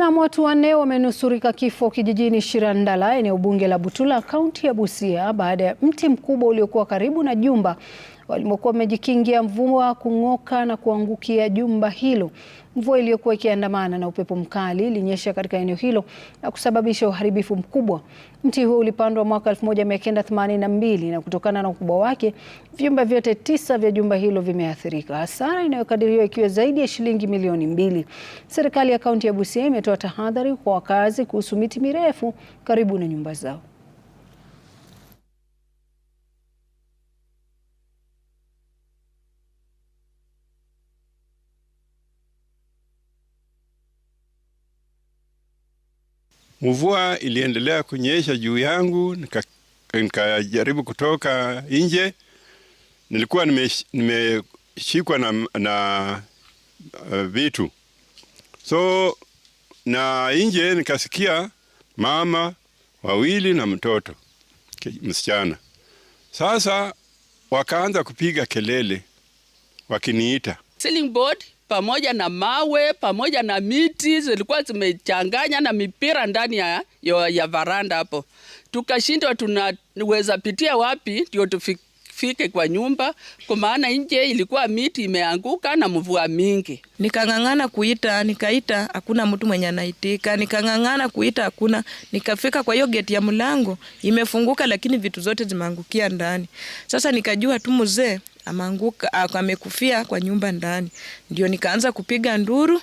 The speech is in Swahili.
Na watu wanne wamenusurika kifo kijijini Shirandala, eneo bunge la Butula, kaunti ya Busia, baada ya mti mkubwa uliokuwa karibu na jumba walimokuwa wamejikingia mvua kung'oka na kuangukia jumba hilo. Mvua iliyokuwa ikiandamana na upepo mkali ilinyesha katika eneo hilo na kusababisha uharibifu mkubwa. Mti huo ulipandwa mwaka 1982 na kutokana na ukubwa wake, vyumba vyote tisa vya jumba hilo vimeathirika, hasara inayokadiriwa ikiwa zaidi ya shilingi milioni mbili. Serikali ya kaunti ya Busia imetoa tahadhari kwa wakazi kuhusu miti mirefu karibu na nyumba zao. Mvua iliendelea kunyesha juu yangu, nikajaribu kutoka nje. Nilikuwa nimeshikwa nime na, na uh, vitu so na nje nikasikia mama wawili na mtoto msichana. Sasa wakaanza kupiga kelele wakiniita. board pamoja na mawe pamoja na miti zilikuwa zimechanganya na mipira ndani ya, ya, ya varanda hapo. Tukashindwa tunaweza pitia wapi ndio tufike kwa nyumba, kwa maana nje ilikuwa miti imeanguka na mvua mingi. Nikang'ang'ana kuita, nikaita, hakuna mtu mwenye anaitika. Nikang'ang'ana kuita, hakuna. Nikafika kwa hiyo geti ya mlango imefunguka, lakini vitu zote zimeangukia ndani. Sasa nikajua tu mzee ameanguka ah, amekufia kwa nyumba ndani, ndio nikaanza kupiga nduru